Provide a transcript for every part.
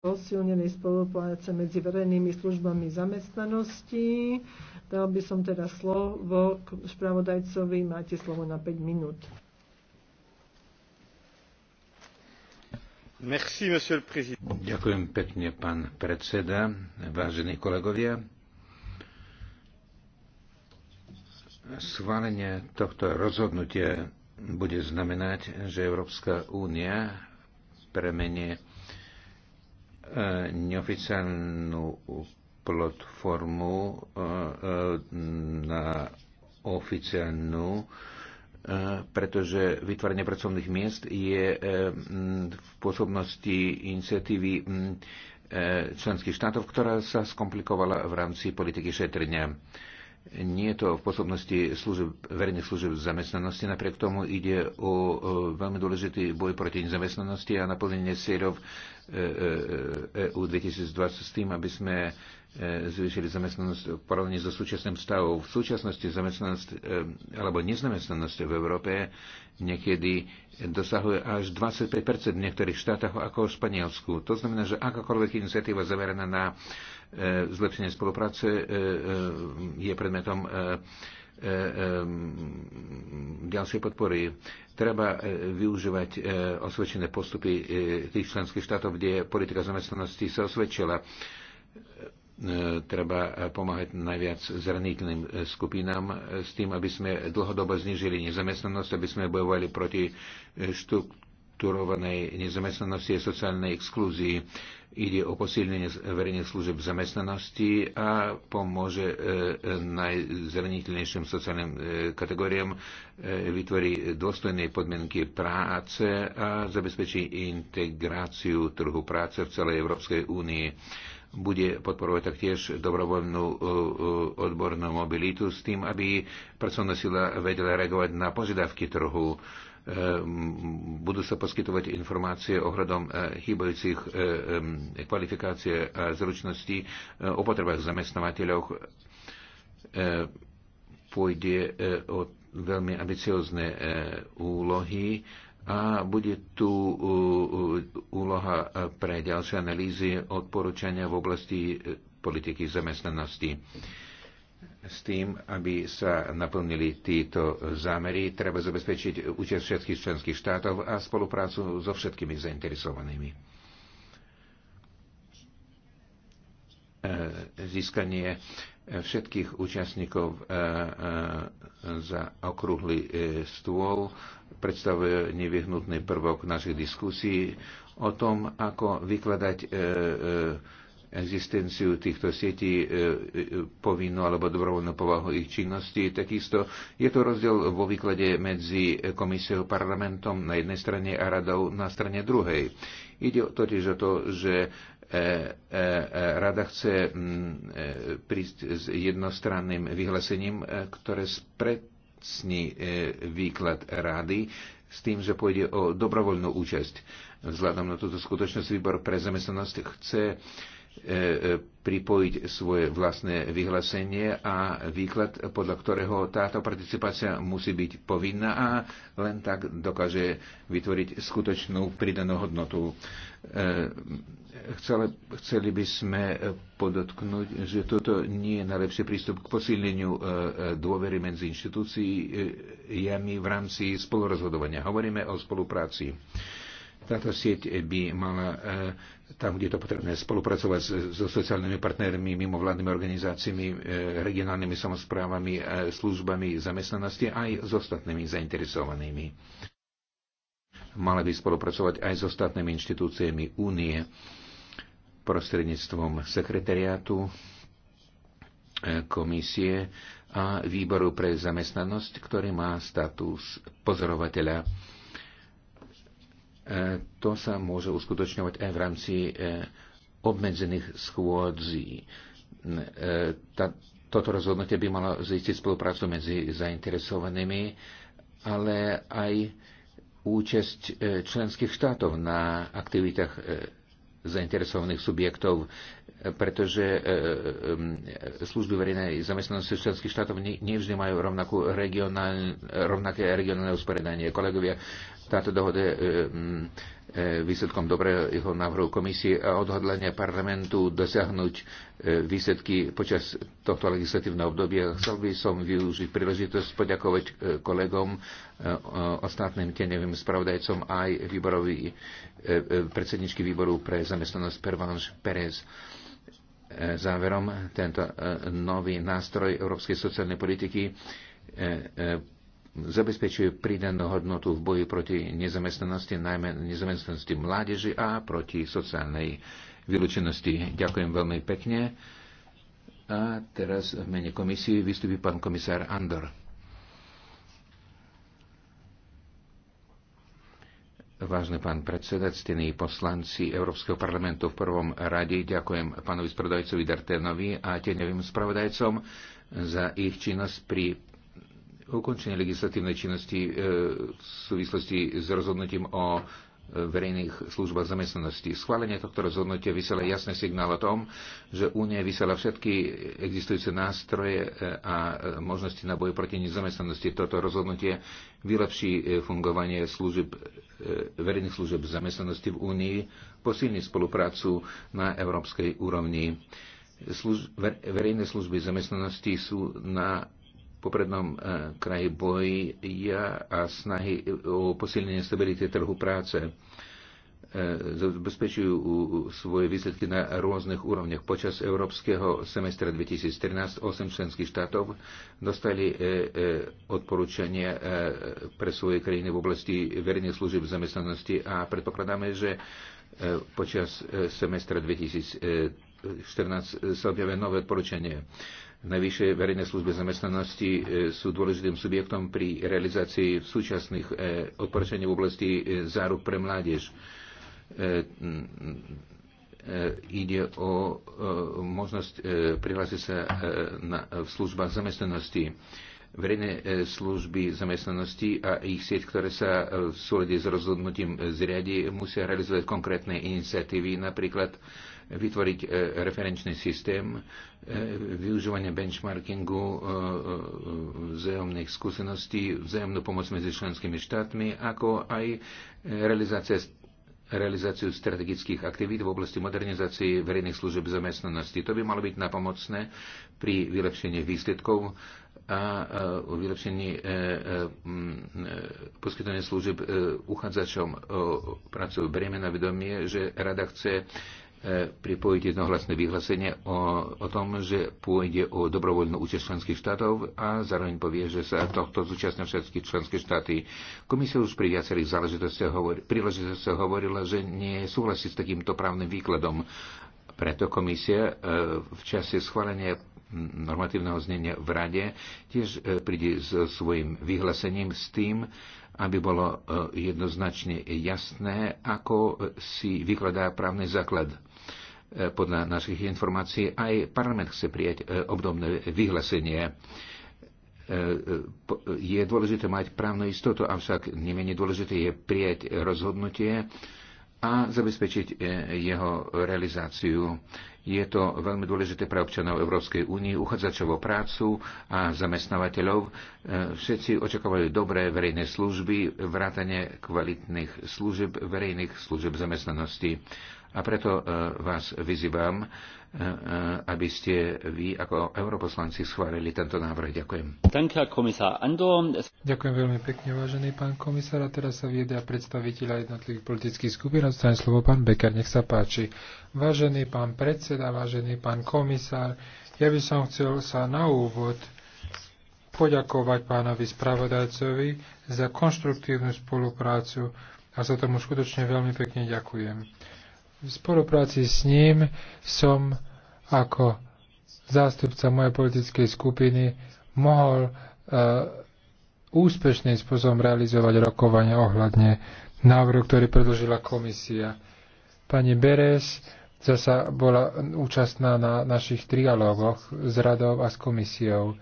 posilnenej spolupráce medzi verejnými službami zamestnanosti. Dal by som teda slovo k spravodajcovi. Máte slovo na 5 minút. Merci, monsieur le président. Ďakujem pekne, pán predseda, vážení kolegovia. Schválenie tohto rozhodnutia bude znamenať, že Európska únia premenie E, neoficiálnu platformu e, e, na oficiálnu, pretože vytváranie pracovných miest je v pôsobnosti iniciatívy členských štátov, ktorá sa skomplikovala v rámci politiky šetrenia. Nie je to v pôsobnosti služeb, verejných služieb zamestnanosti, napriek tomu ide o, veľmi dôležitý boj proti nezamestnanosti a naplnenie cieľov EU e, e, e 2020 s tým, aby sme zvýšili zamestnanosť v porovnaní so súčasným stavom. V súčasnosti zamestnanosť alebo nezamestnanosť v Európe niekedy dosahuje až 25 v niektorých štátoch ako v Španielsku. To znamená, že akákoľvek iniciatíva zaverená na E, zlepšenie spolupráce e, e, je predmetom ďalšej podpory. Treba využívať osvedčené postupy tých členských štátov, kde politika zamestnanosti sa osvedčila. Treba pomáhať najviac zraniteľným skupinám s tým, aby sme dlhodobo znižili nezamestnanosť, aby sme bojovali proti štruktúrnym štruktúrovanej nezamestnanosti a sociálnej exklúzii. Ide o posilnenie verejných služeb zamestnanosti a pomôže e, najzraniteľnejším sociálnym e, kategóriám, e, vytvoriť dôstojné podmienky práce a zabezpečí integráciu trhu práce v celej Európskej únii bude podporovať taktiež dobrovoľnú e, e, odbornú mobilitu s tým, aby pracovná sila vedela reagovať na požiadavky trhu. E, Ehm, budú sa poskytovať informácie ohľadom e, chýbajúcich e, e, kvalifikácie a zručností o potrebách zamestnávateľov. Pôjde o veľmi ambiciozne úlohy a bude tu úloha pre ďalšie analýzy odporúčania v oblasti politiky zamestnanosti s tým, aby sa naplnili títo zámery, treba zabezpečiť účasť všetkých členských štátov a spoluprácu so všetkými zainteresovanými. E, získanie všetkých účastníkov e, e, za okrúhly stôl predstavuje nevyhnutný prvok našich diskusí o tom, ako vykladať existenciu týchto sietí, e, e, povinnú alebo dobrovoľnú povahu ich činnosti. Takisto je to rozdiel vo výklade medzi komisiou parlamentom na jednej strane a radou na strane druhej. Ide totiž o to, že e, rada chce prísť s jednostranným vyhlásením, ktoré spresní výklad rady s tým, že pôjde o dobrovoľnú účasť. Vzhľadom na túto skutočnosť výbor pre zamestnanosť chce E, e, pripojiť svoje vlastné vyhlásenie a výklad, podľa ktorého táto participácia musí byť povinná a len tak dokáže vytvoriť skutočnú pridanú hodnotu. E, chceli, chceli by sme podotknúť, že toto nie je najlepší prístup k posilneniu dôvery medzi inštitúciami v rámci spolurozhodovania. Hovoríme o spolupráci. Táto sieť by mala e, tam, kde je to potrebné, spolupracovať so sociálnymi partnermi, mimovládnymi organizáciami, e, regionálnymi samozprávami, e, službami zamestnanosti aj s ostatnými zainteresovanými. Mala by spolupracovať aj s ostatnými inštitúciami únie prostredníctvom sekretariátu, komisie a výboru pre zamestnanosť, ktorý má status pozorovateľa to sa môže uskutočňovať aj v rámci e, obmedzených schôdzí. E, toto rozhodnutie by malo zistiť spoluprácu medzi zainteresovanými, ale aj účasť e, členských štátov na aktivitách zainteresovaných subjektov pretože e, e, služby verejnej zamestnanosti členských štátov nevždy majú rovnakú regionál, rovnaké regionálne usporiadanie. Kolegovia, táto dohoda je e, výsledkom dobrého návrhu komisie a odhodlania parlamentu dosiahnuť výsledky počas tohto legislatívneho obdobia. Chcel by som využiť príležitosť poďakovať kolegom, ostatným tenevým spravodajcom aj výborovi, predsedničky výboru pre zamestnanosť Pervanš Perez záverom tento e, nový nástroj európskej sociálnej politiky e, e, zabezpečuje pridanú hodnotu v boji proti nezamestnanosti, najmä nezamestnanosti mládeži a proti sociálnej vylúčenosti. Ďakujem veľmi pekne. A teraz v mene komisie vystupí pán komisár Andor. Vážne pán predseda, ctení poslanci Európskeho parlamentu v prvom rade ďakujem pánovi spravodajcovi Darténovi a tieňovým spravodajcom za ich činnosť pri ukončení legislatívnej činnosti e, v súvislosti s rozhodnutím o verejných službách zamestnanosti. Schválenie tohto rozhodnutia vysiela jasný signál o tom, že Únia vysiela všetky existujúce nástroje e, a e, možnosti na boj proti nezamestnanosti. Toto rozhodnutie vylepší e, fungovanie služieb, verejných služieb zamestnanosti v Únii, posilní spoluprácu na európskej úrovni. Služ, verejné služby zamestnanosti sú na poprednom e, kraji boja a snahy o posilnenie stability trhu práce e, zabezpečujú svoje výsledky na rôznych úrovniach. Počas európskeho semestra 2013 8 členských štátov dostali e, odporúčania pre svoje krajiny v oblasti verejných služieb zamestnanosti a predpokladáme, že počas semestra 2014 sa objavia nové odporúčania. Najvyššie verejné služby zamestnanosti e, sú dôležitým subjektom pri realizácii súčasných e, odporúčaní v oblasti e, záruk pre mládež. Ide o možnosť prihlásiť sa v službách zamestnanosti verejné služby zamestnanosti a ich sieť, ktoré sa v súlede s rozhodnutím zriadi, musia realizovať konkrétne iniciatívy, napríklad vytvoriť e, referenčný systém, e, využívanie benchmarkingu e, vzájomných skúseností, vzájomnú pomoc medzi členskými štátmi, ako aj realizácia realizáciu strategických aktivít v oblasti modernizácie verejných služieb zamestnanosti. To by malo byť napomocné pri vylepšení výsledkov a vylepšení poskytovania služieb uchádzačom o prácu. Berieme na vedomie, že rada chce E, pripojiť jednohlasné vyhlásenie o, o tom, že pôjde o dobrovoľnú účasť členských štátov a zároveň povie, že sa tohto zúčastnia všetky členské štáty. Komisia už pri viacerých záležitostiach hovor, hovorila, že nie súhlasí s takýmto právnym výkladom. Preto komisia e, v čase schválenia normatívneho znenia v Rade tiež e, príde so svojim vyhlásením s tým, aby bolo jednoznačne jasné, ako si vykladá právny základ Eh, podľa našich informácií aj parlament chce prijať eh, obdobné vyhlásenie. Eh, je dôležité mať právnu istotu, avšak nemenej dôležité je prijať rozhodnutie a zabezpečiť jeho realizáciu. Je to veľmi dôležité pre občanov Európskej únie, uchádzačov o prácu a zamestnávateľov. Všetci očakávajú dobré verejné služby, vrátanie kvalitných služieb, verejných služieb zamestnanosti a preto e, vás vyzývam, e, e, aby ste vy ako europoslanci schválili tento návrh. Ďakujem. Ďakujem veľmi pekne, vážený pán komisár. A teraz sa viede predstaviteľa jednotlivých politických skupín. Odstane slovo pán Becker, nech sa páči. Vážený pán predseda, vážený pán komisár, ja by som chcel sa na úvod poďakovať pánovi spravodajcovi za konštruktívnu spoluprácu a za tomu skutočne veľmi pekne ďakujem. V spolupráci s ním som ako zástupca mojej politickej skupiny mohol uh, úspešným spôsobom realizovať rokovania ohľadne návrhu, ktorý predložila komisia. Pani Beres zasa bola účastná na našich trialógoch s radou a s komisiou.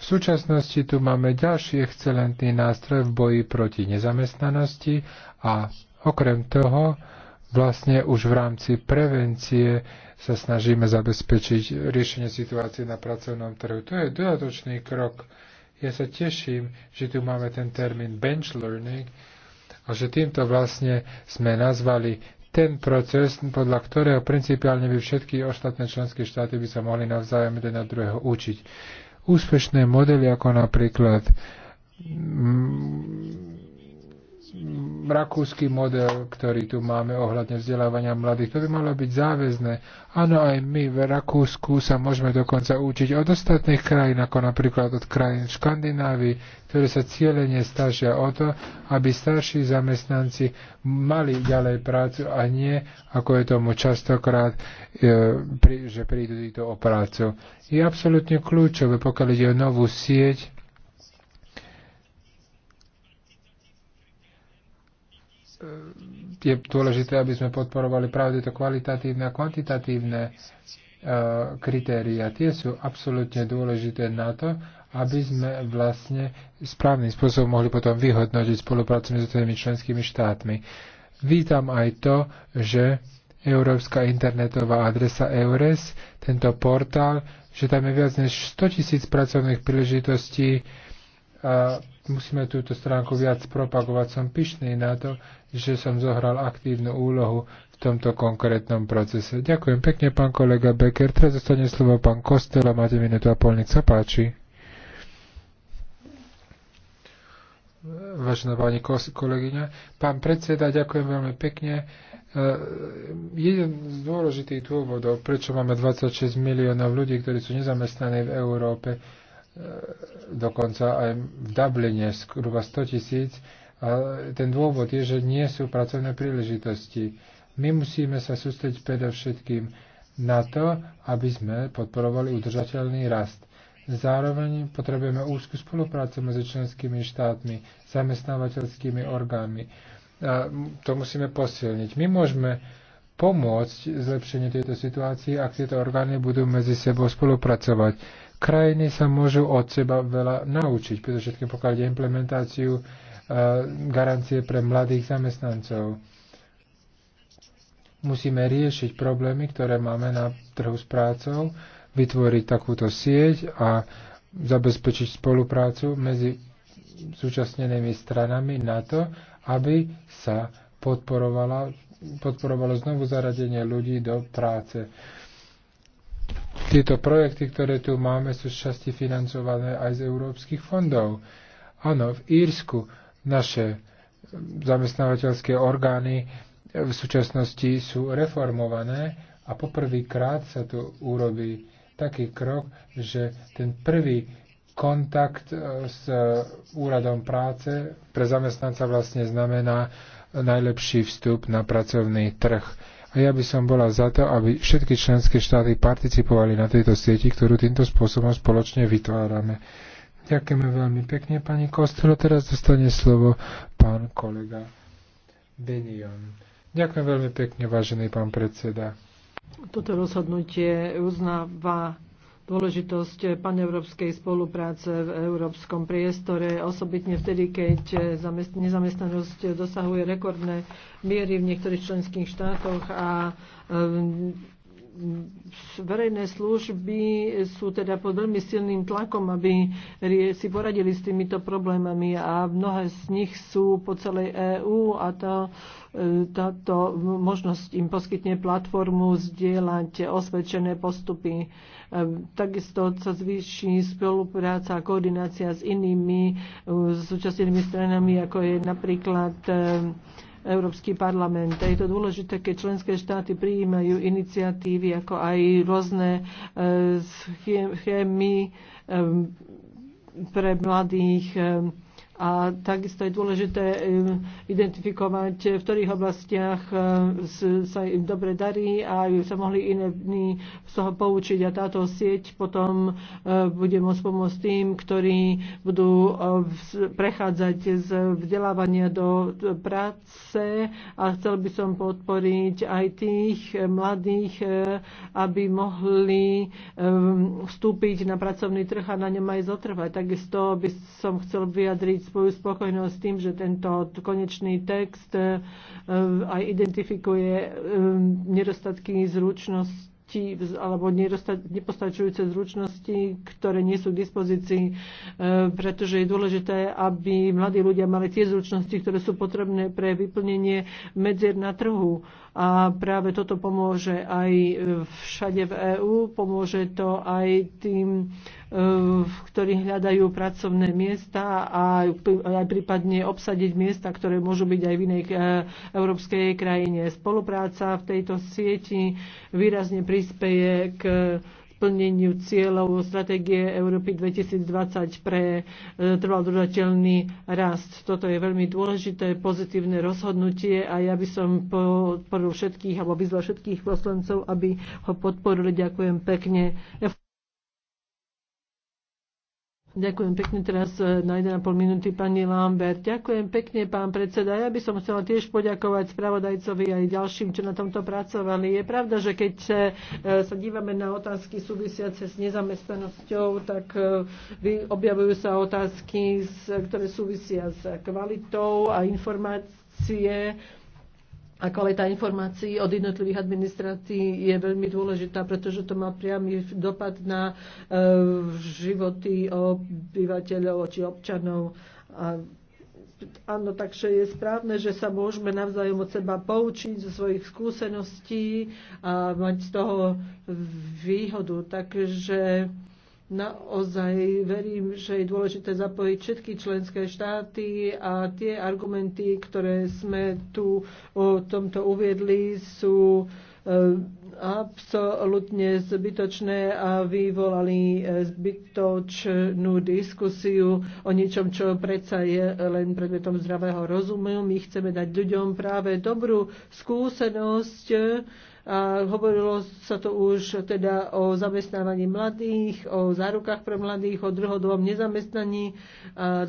V súčasnosti tu máme ďalší excelentný nástroj v boji proti nezamestnanosti a okrem toho vlastne už v rámci prevencie sa snažíme zabezpečiť riešenie situácie na pracovnom trhu. To je dodatočný krok. Ja sa teším, že tu máme ten termín bench learning a že týmto vlastne sme nazvali ten proces, podľa ktorého principiálne by všetky ostatné členské štáty by sa mohli navzájom jeden na druhého učiť. Úspešné modely ako napríklad mm, rakúsky model, ktorý tu máme ohľadne vzdelávania mladých. To by malo byť záväzné. Áno, aj my v Rakúsku sa môžeme dokonca učiť od ostatných krajín, ako napríklad od krajín Škandinávii, ktoré sa cieľene stažia o to, aby starší zamestnanci mali ďalej prácu a nie, ako je tomu častokrát, e, že prídu títo o prácu. Je absolútne kľúčové, pokiaľ ide o novú sieť, je dôležité, aby sme podporovali práve tieto kvalitatívne a kvantitatívne e, kritéria. Tie sú absolútne dôležité na to, aby sme vlastne správnym spôsobom mohli potom vyhodnotiť spoluprácu medzi tými členskými štátmi. Vítam aj to, že Európska internetová adresa EURES, tento portál, že tam je viac než 100 tisíc pracovných príležitostí e, musíme túto stránku viac propagovať. Som pyšný na to, že som zohral aktívnu úlohu v tomto konkrétnom procese. Ďakujem pekne, pán kolega Becker. Teraz zostane slovo pán Kostela. Máte minútu a pol, nech sa páči. Vážená pani kolegyňa. Pán predseda, ďakujem veľmi pekne. E, jeden z dôležitých dôvodov, prečo máme 26 miliónov ľudí, ktorí sú nezamestnaní v Európe, dokonca aj v Dubline skruba 100 tisíc. A ten dôvod je, že nie sú pracovné príležitosti. My musíme sa sústrediť predovšetkým na to, aby sme podporovali udržateľný rast. Zároveň potrebujeme úzku spoluprácu medzi členskými štátmi, zamestnávateľskými orgánmi. A to musíme posilniť. My môžeme pomôcť zlepšeniu tejto situácii, ak tieto orgány budú medzi sebou spolupracovať Krajiny sa môžu od seba veľa naučiť, pretože všetkým pokladí implementáciu e, garancie pre mladých zamestnancov. Musíme riešiť problémy, ktoré máme na trhu s prácou, vytvoriť takúto sieť a zabezpečiť spoluprácu medzi súčasnenými stranami na to, aby sa podporovalo znovu zaradenie ľudí do práce. Tieto projekty, ktoré tu máme, sú časti financované aj z európskych fondov. Áno, v Írsku naše zamestnávateľské orgány v súčasnosti sú reformované a poprvýkrát sa tu urobí taký krok, že ten prvý kontakt e, s úradom práce pre zamestnanca vlastne znamená najlepší vstup na pracovný trh a ja by som bola za to, aby všetky členské štáty participovali na tejto sieti, ktorú týmto spôsobom spoločne vytvárame. Ďakujeme veľmi pekne, pani Kostelo. Teraz dostane slovo pán kolega Benion. Ďakujem veľmi pekne, vážený pán predseda. Toto rozhodnutie uznáva dôležitosť paneurópskej spolupráce v európskom priestore, osobitne vtedy, keď nezamestnanosť dosahuje rekordné miery v niektorých členských štátoch a verejné služby sú teda pod veľmi silným tlakom, aby si poradili s týmito problémami a mnohé z nich sú po celej EÚ a to, e, táto možnosť im poskytne platformu zdieľať osvedčené postupy. E, takisto sa zvýši spolupráca a koordinácia s inými e, súčasnými stranami, ako je napríklad Európsky parlament. A je to dôležité, keď členské štáty prijímajú iniciatívy, ako aj rôzne eh, schémy eh, pre mladých eh, a takisto je dôležité um, identifikovať, v ktorých oblastiach uh, sa im dobre darí a sa mohli dny z toho poučiť a táto sieť potom uh, bude môcť pomôcť tým, ktorí budú uh, prechádzať z vzdelávania do práce a chcel by som podporiť aj tých mladých, aby mohli um, vstúpiť na pracovný trh a na ňom aj zotrvať. Takisto by som chcel vyjadriť svoju spokojnosť s tým, že tento konečný text e, aj identifikuje e, nedostatky zručnosti alebo nepostačujúce zručnosti, ktoré nie sú k dispozícii, e, pretože je dôležité, aby mladí ľudia mali tie zručnosti, ktoré sú potrebné pre vyplnenie medzier na trhu. A práve toto pomôže aj všade v EÚ, pomôže to aj tým E, v ktorých hľadajú pracovné miesta a aj prípadne obsadiť miesta, ktoré môžu byť aj v inej e, európskej krajine. Spolupráca v tejto sieti výrazne prispieje k plneniu cieľov stratégie Európy 2020 pre e, trvalodržateľný rast. Toto je veľmi dôležité, pozitívne rozhodnutie a ja by som podporil všetkých alebo vyzval všetkých poslancov, aby ho podporili. Ďakujem pekne. Ďakujem pekne teraz e, na 1,5 minúty pani Lambert. Ďakujem pekne, pán predseda. Ja by som chcela tiež poďakovať spravodajcovi aj ďalším, čo na tomto pracovali. Je pravda, že keď e, sa dívame na otázky súvisiace s nezamestnanosťou, tak e, objavujú sa otázky, ktoré súvisia s kvalitou a informácie a kvalita informácií od jednotlivých administrácií je veľmi dôležitá, pretože to má priamy dopad na e, životy obyvateľov či občanov. A áno, takže je správne, že sa môžeme navzájom od seba poučiť zo svojich skúseností a mať z toho výhodu. Takže naozaj verím, že je dôležité zapojiť všetky členské štáty a tie argumenty, ktoré sme tu o tomto uviedli, sú e, absolútne zbytočné a vyvolali e, zbytočnú diskusiu o ničom, čo predsa je len predmetom zdravého rozumu. My chceme dať ľuďom práve dobrú skúsenosť e, a hovorilo sa to už teda o zamestnávaní mladých, o zárukách pre mladých, o dlhodobom nezamestnaní, a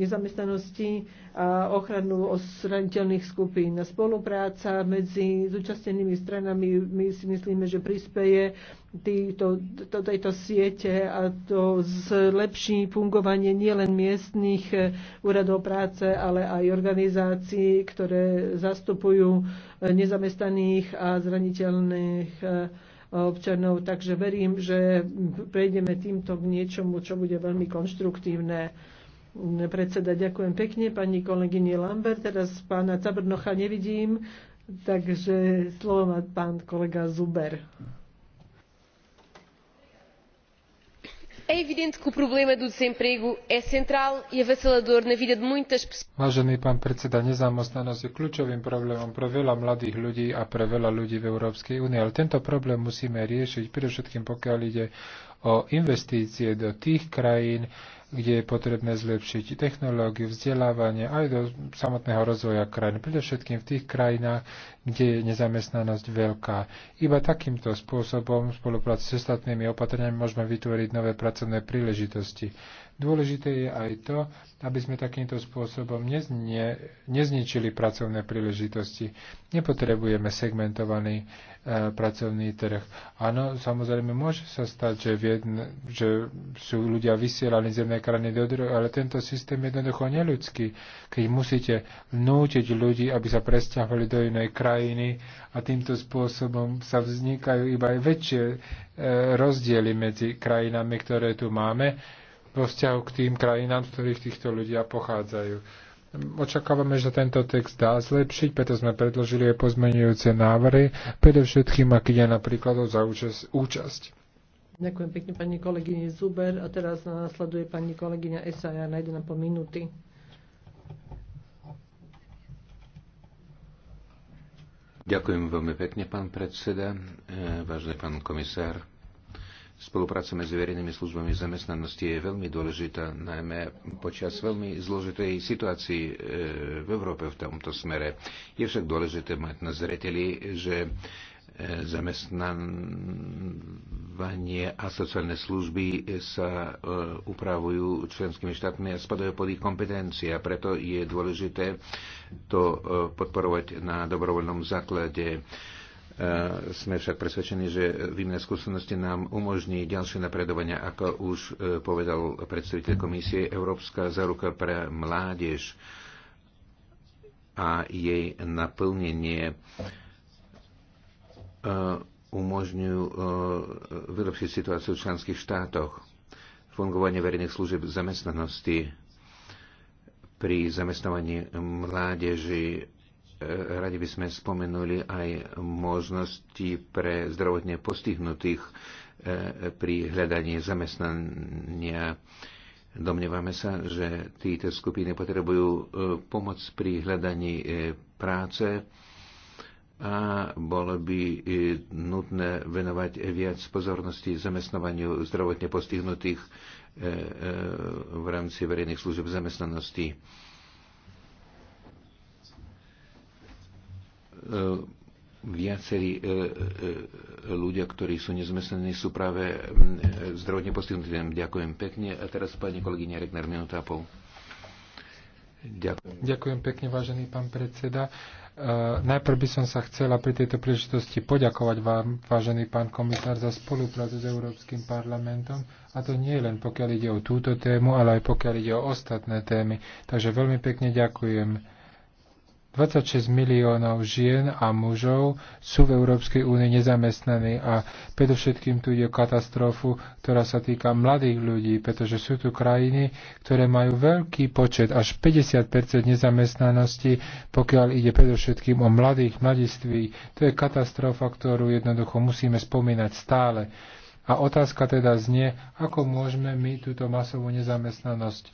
nezamestnanosti a ochranu osraniteľných skupín. Spolupráca medzi zúčastnenými stranami my si myslíme, že prispeje týto, to, tejto siete a to zlepší fungovanie nielen miestných eh, úradov práce, ale aj organizácií, ktoré zastupujú eh, nezamestnaných a zraniteľných eh, občanov. Takže verím, že prejdeme týmto k niečomu, čo bude veľmi konštruktívne mm, predseda. Ďakujem pekne pani kolegyni Lambert. Teraz pána Cabrnocha nevidím, Takže slovo má pán kolega Zuber. E Vážený pán predseda, nezamestnanosť je kľúčovým problémom pre veľa mladých ľudí a pre veľa ľudí v Európskej únii, ale tento problém musíme riešiť predovšetkým pokiaľ ide o investície do tých krajín, kde je potrebné zlepšiť technológiu, vzdelávanie aj do samotného rozvoja krajín, predovšetkým v tých krajinách, kde je nezamestnanosť veľká. Iba takýmto spôsobom v spolupráci s ostatnými opatreniami môžeme vytvoriť nové pracovné príležitosti. Dôležité je aj to, aby sme takýmto spôsobom neznie, nezničili pracovné príležitosti. Nepotrebujeme segmentovaný E, pracovný trh. Áno, samozrejme môže sa stať, že, v jedne, že sú ľudia vysielaní z jednej krajiny do druhej, ale tento systém je jednoducho neľudský. Keď musíte nútiť ľudí, aby sa presťahovali do inej krajiny a týmto spôsobom sa vznikajú iba aj väčšie e, rozdiely medzi krajinami, ktoré tu máme, vo vzťahu k tým krajinám, z ktorých týchto ľudia pochádzajú Očakávame, že tento text dá zlepšiť, preto sme predložili aj pozmenujúce návrhy, predovšetkým ak ide napríklad o zaúčasť, účasť. Ďakujem pekne pani kolegyne Zuber a teraz následuje pani kolegyňa Esaja na 1,5 minúty. Ďakujem veľmi pekne, pán predseda, e, vážny pán komisár, Spolupráca medzi verejnými službami zamestnanosti je veľmi dôležitá, najmä počas veľmi zložitej situácii e, v Európe v tomto smere. Je však dôležité mať na zreteli, že e, zamestnávanie a sociálne služby e, sa upravujú členskými štátmi a spadajú pod ich kompetencie. A preto je dôležité to podporovať na dobrovoľnom základe E, sme však presvedčení, že výmena skúsenosti nám umožní ďalšie napredovania, Ako už e, povedal predstaviteľ komisie, Európska záruka pre mládež a jej naplnenie e, umožňujú vylepšiť situáciu v členských štátoch, fungovanie verejných služieb zamestnanosti pri zamestnávaní mládeži Eh, radi by sme spomenuli aj možnosti pre zdravotne postihnutých eh, pri hľadaní zamestnania. Domnievame sa, že títo skupiny potrebujú eh, pomoc pri hľadaní práce a bolo by nutné venovať viac pozornosti zamestnovaniu zdravotne postihnutých v rámci verejných služieb zamestnanosti E, viacerí e, e, ľudia, ktorí sú nezmestnení, sú práve zdravotne postihnutí. Ďakujem pekne. A teraz pani kolegyňa Regner, minúta a pol. Ďakujem. Ďakujem pekne, vážený pán predseda. E, najprv by som sa chcela pri tejto príležitosti poďakovať vám, vážený pán komisár, za spoluprácu s Európskym parlamentom. A to nie len pokiaľ ide o túto tému, ale aj pokiaľ ide o ostatné témy. Takže veľmi pekne ďakujem. 26 miliónov žien a mužov sú v Európskej únii nezamestnaní a predovšetkým tu ide o katastrofu, ktorá sa týka mladých ľudí, pretože sú tu krajiny, ktoré majú veľký počet, až 50 nezamestnanosti, pokiaľ ide predovšetkým o mladých mladiství. To je katastrofa, ktorú jednoducho musíme spomínať stále. A otázka teda znie, ako môžeme my túto masovú nezamestnanosť e,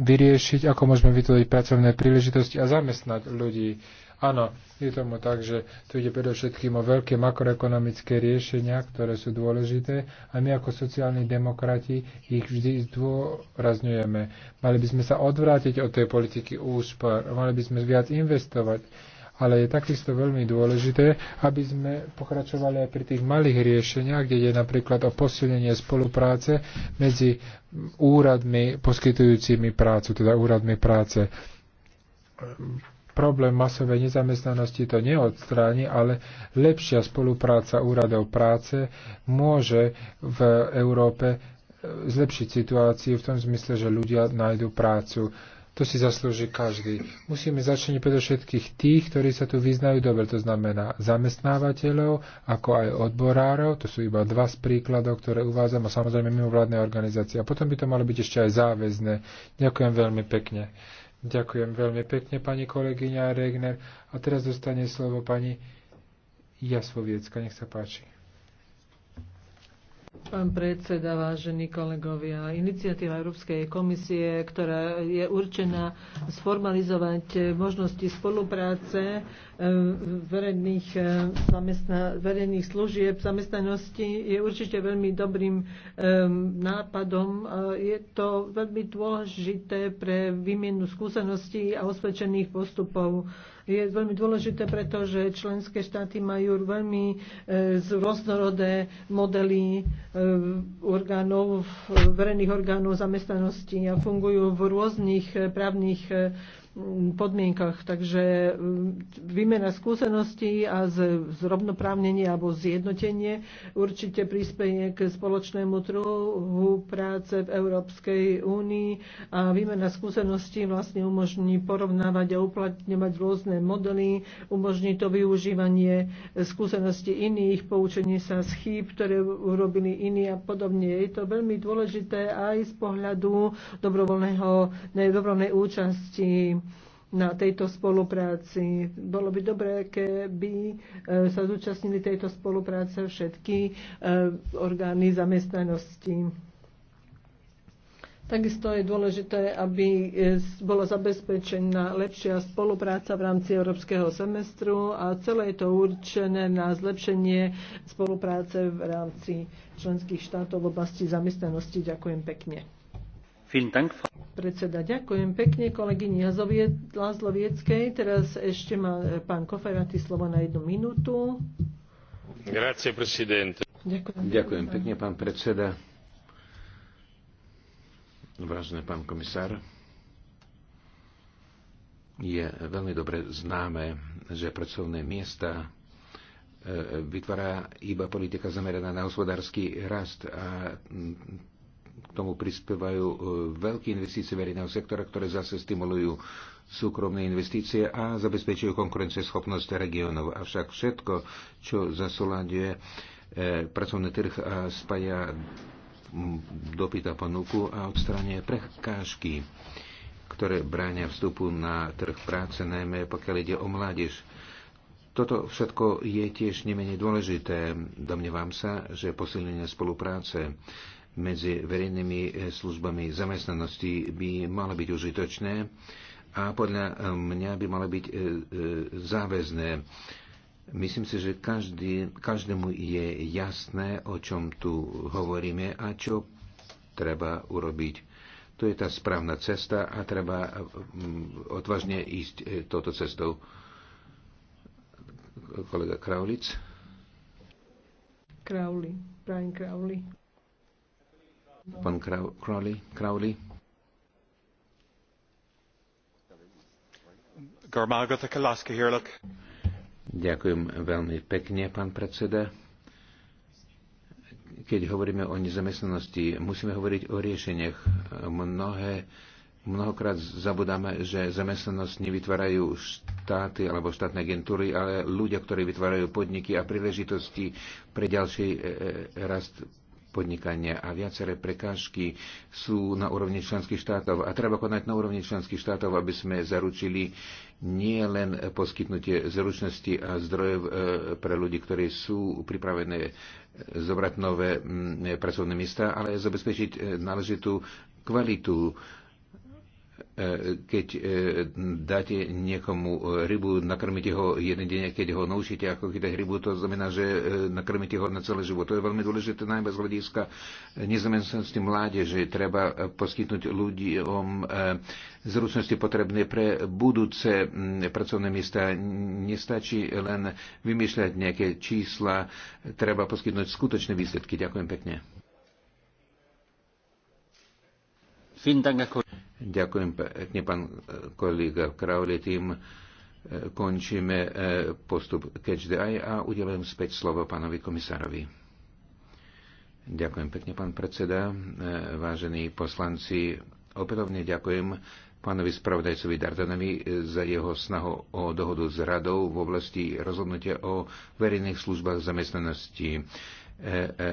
vyriešiť, ako môžeme vytvoriť pracovné príležitosti a zamestnať ľudí. Áno, je tomu tak, že tu ide predovšetkým o veľké makroekonomické riešenia, ktoré sú dôležité a my ako sociálni demokrati ich vždy zdôrazňujeme. Mali by sme sa odvrátiť od tej politiky úspor, mali by sme viac investovať ale je takisto veľmi dôležité, aby sme pokračovali aj pri tých malých riešeniach, kde je napríklad o posilnenie spolupráce medzi úradmi poskytujúcimi prácu, teda úradmi práce. Problém masovej nezamestnanosti to neodstráni, ale lepšia spolupráca úradov práce môže v Európe zlepšiť situáciu v tom zmysle, že ľudia nájdú prácu. To si zaslúži každý. Musíme začať predovšetkých tých, ktorí sa tu vyznajú dobre, to znamená zamestnávateľov, ako aj odborárov. To sú iba dva z príkladov, ktoré uvádzam a samozrejme mimovládne organizácie. A potom by to malo byť ešte aj záväzné. Ďakujem veľmi pekne. Ďakujem veľmi pekne, pani kolegyňa Regner. A teraz dostane slovo pani Jasvoviecka. Nech sa páči. Pán predseda, vážení kolegovia, iniciatíva Európskej komisie, ktorá je určená sformalizovať možnosti spolupráce eh, verejných, eh, verejných služieb zamestnanosti, je určite veľmi dobrým nápadom. Eh, je to veľmi dôležité pre výmienu skúseností a osvedčených postupov je veľmi dôležité, pretože členské štáty majú veľmi e, rôznorodé modely e, orgánov, verejných orgánov zamestnanosti a fungujú v rôznych e, právnych Mm, podmienkach. Takže mm, výmena skúseností a zrovnoprávnenie alebo zjednotenie určite prispieje k spoločnému trhu práce v Európskej únii a výmena skúseností vlastne umožní porovnávať a uplatňovať rôzne modely, umožní to využívanie skúseností iných, poučenie sa z chýb, ktoré urobili iní a podobne. Je to veľmi dôležité aj z pohľadu dobrovoľného, dobrovoľnej účasti na tejto spolupráci. Bolo by dobré, keby e, sa zúčastnili tejto spolupráce všetky e, orgány zamestnanosti. Takisto je dôležité, aby e, bola zabezpečená lepšia spolupráca v rámci európskeho semestru a celé je to určené na zlepšenie spolupráce v rámci členských štátov v oblasti zamestnanosti. Ďakujem pekne. Predseda, ďakujem pekne kolegyni Lazlovieckej. Teraz ešte má e, pán Koferati slovo na jednu minútu. Grazie, presidente. Ďakujem, ďakujem pekne, pán predseda. Vážený pán komisár, je veľmi dobre známe, že pracovné miesta e, vytvára iba politika zameraná na hospodársky rast a k tomu prispievajú e, veľké investície verejného sektora, ktoré zase stimulujú súkromné investície a zabezpečujú konkurencieschopnosť regiónov. Avšak všetko, čo zasúľaduje e, pracovný trh a spája dopyt a ponuku a odstranie prekážky, ktoré bráňa vstupu na trh práce, najmä pokiaľ ide o mládež. Toto všetko je tiež nemenej dôležité. Domnievam sa, že posilnenie spolupráce medzi verejnými eh, službami zamestnanosti by malo byť užitočné a podľa eh, mňa by malo byť eh, záväzné. Myslím si, že každý, každému je jasné, o čom tu hovoríme a čo treba urobiť. To je tá správna cesta a treba mm, odvážne ísť touto cestou. Kolega Kraulic. Crowley, Brian Crowley. Pán Crowley. Crowley. Ďakujem veľmi pekne, pán predseda. Keď hovoríme o nezamestnanosti, musíme hovoriť o riešeniach. Mnohé Mnohokrát zabudáme, že zamestnanosť nevytvárajú štáty alebo štátne agentúry, ale ľudia, ktorí vytvárajú podniky a príležitosti pre ďalší e, e, rast podnikania a viaceré prekážky sú na úrovni členských štátov a treba konať na úrovni členských štátov, aby sme zaručili nie len poskytnutie zručnosti a zdrojov e, pre ľudí, ktorí sú pripravené zobrať nové pracovné miesta, ale zabezpečiť e, náležitú kvalitu E, keď e, dáte niekomu e, rybu, nakrmíte ho jeden deň, keď ho naučíte, ako chytať rybu, to znamená, že nakrmíte ho na celé život. To je veľmi dôležité najmä z hľadiska nezamestnanosti že Treba poskytnúť ľuďom zručnosti potrebné pre budúce pracovné miesta. Nestačí len vymýšľať nejaké čísla, treba poskytnúť skutočné výsledky. Ďakujem pekne. Ďakujem pekne, pán eh, kolega Krauli. Tým eh, končíme eh, postup Catch the Eye a udelujem späť slovo pánovi komisárovi. Ďakujem pekne, pán predseda. Vážení poslanci, opätovne ďakujem pánovi spravodajcovi Dardanovi za jeho snahu o dohodu s radou v oblasti rozhodnutia o verejných službách zamestnanosti. E, e,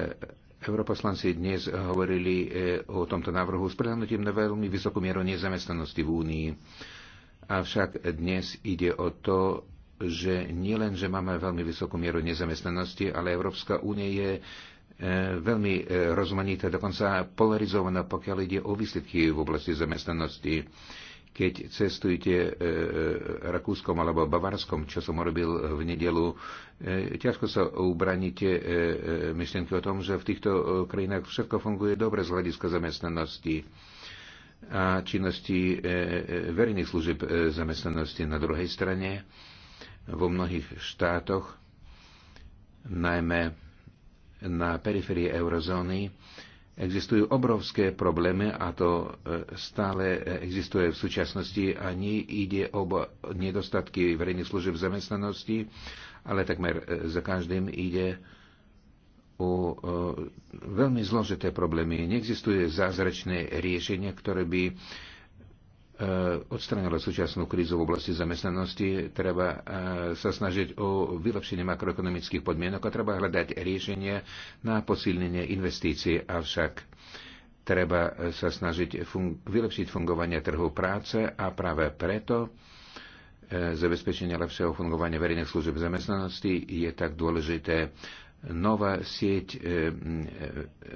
Europoslanci dnes hovorili eh, o tomto návrhu s prehľadnutím na veľmi vysokú mieru nezamestnanosti v Únii. Avšak dnes ide o to, že nielen, že máme veľmi vysokú mieru nezamestnanosti, ale Európska únie je eh, veľmi eh, rozmanitá, dokonca polarizovaná, pokiaľ ide o výsledky v oblasti zamestnanosti keď cestujete e, e, Rakúskom alebo Bavarskom, čo som robil v nedelu, e, ťažko sa ubraníte myšlienky o tom, že v týchto krajinách všetko funguje dobre z hľadiska zamestnanosti a činnosti verejných služieb zamestnanosti. Na druhej strane, vo mnohých štátoch, najmä na periférii eurozóny, Existujú obrovské problémy a to e, stále e, existuje v súčasnosti a nie ide o nedostatky verejných služieb zamestnanosti, ale takmer e, za každým ide o veľmi zložité problémy. Neexistuje zázračné riešenie, ktoré by Eh, odstranila súčasnú krízu v oblasti zamestnanosti, treba eh, sa snažiť o vylepšenie makroekonomických podmienok a treba hľadať riešenie na posilnenie investícií. Avšak treba eh, sa snažiť fun- vylepšiť fungovanie trhu práce a práve preto zabezpečenie lepšieho fungovania verejných služieb zamestnanosti je tak dôležité nová sieť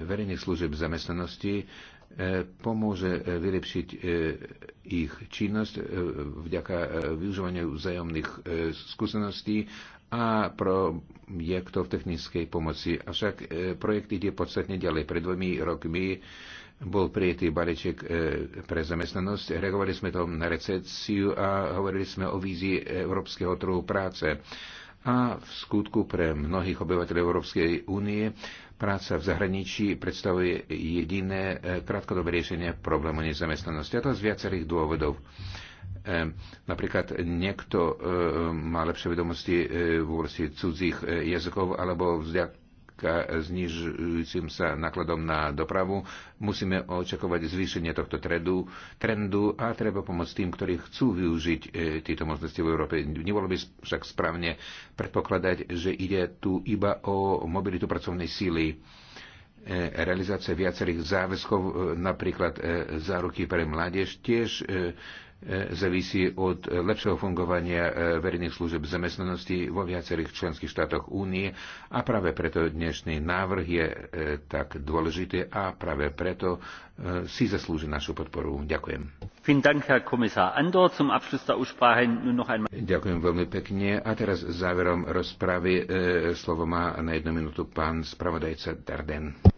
verejných služieb zamestnanosti E, pomôže e, vylepšiť e, ich činnosť vďaka využívaniu vzájomných skúseností a projektov technickej pomoci. Avšak projekt ide podstatne ďalej. Pred dvomi rokmi bol prijetý balíček pre zamestnanosť. Reagovali sme to na recesiu a hovorili sme o vízii Európskeho trhu práce a v skutku pre mnohých obyvateľov Európskej únie práca v zahraničí predstavuje jediné eh, krátkodobé riešenie problému nezamestnanosti. A to z viacerých dôvodov. Eh, napríklad niekto eh, má lepšie vedomosti v oblasti cudzích jazykov alebo vzďak vďaka znižujúcim sa nákladom na dopravu musíme očakovať zvýšenie tohto trendu, trendu a treba pomôcť tým, ktorí chcú využiť e, tieto možnosti v Európe. Nebolo by však správne predpokladať, že ide tu iba o mobilitu pracovnej síly e, realizácia viacerých záväzkov, e, napríklad záruky pre mládež, tiež závisí od lepšieho fungovania e, verejných služeb zamestnanosti vo viacerých členských štátoch únie a práve preto dnešný návrh je e, tak dôležitý a práve preto e, si zaslúži našu podporu. Ďakujem. Ďakujem veľmi pekne. A teraz záverom rozpravy slovo má na jednu minútu pán spravodajca Darden.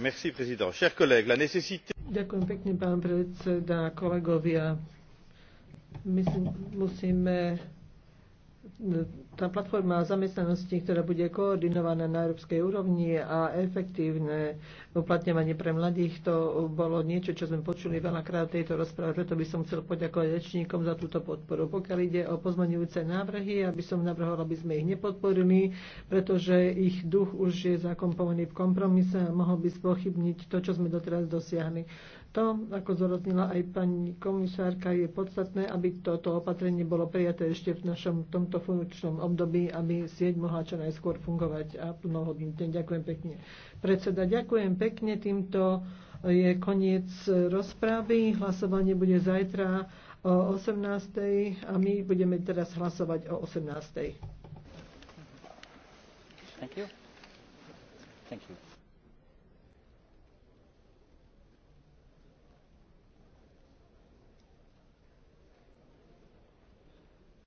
Merci, président. Chers collègues, la nécessité... Ďakujem pekne, pán predseda, kolegovia. My si musíme tá platforma zamestnanosti, ktorá bude koordinovaná na európskej úrovni a efektívne uplatňovanie pre mladých, to bolo niečo, čo sme počuli veľakrát v tejto rozprave, preto by som chcel poďakovať rečníkom za túto podporu. Pokiaľ ide o pozmaňujúce návrhy, aby som navrhol, aby sme ich nepodporili, pretože ich duch už je zakomponovaný v kompromise a mohol by spochybniť to, čo sme doteraz dosiahli. To, ako zoroznila aj pani komisárka, je podstatné, aby toto opatrenie bolo prijaté ešte v našom tomto funkčnom období, aby sieť mohla čo najskôr fungovať a plnohodnotne. Ďakujem pekne. Predseda, ďakujem pekne. Týmto je koniec rozprávy. Hlasovanie bude zajtra o 18. a my budeme teraz hlasovať o 18. Thank you. Thank you.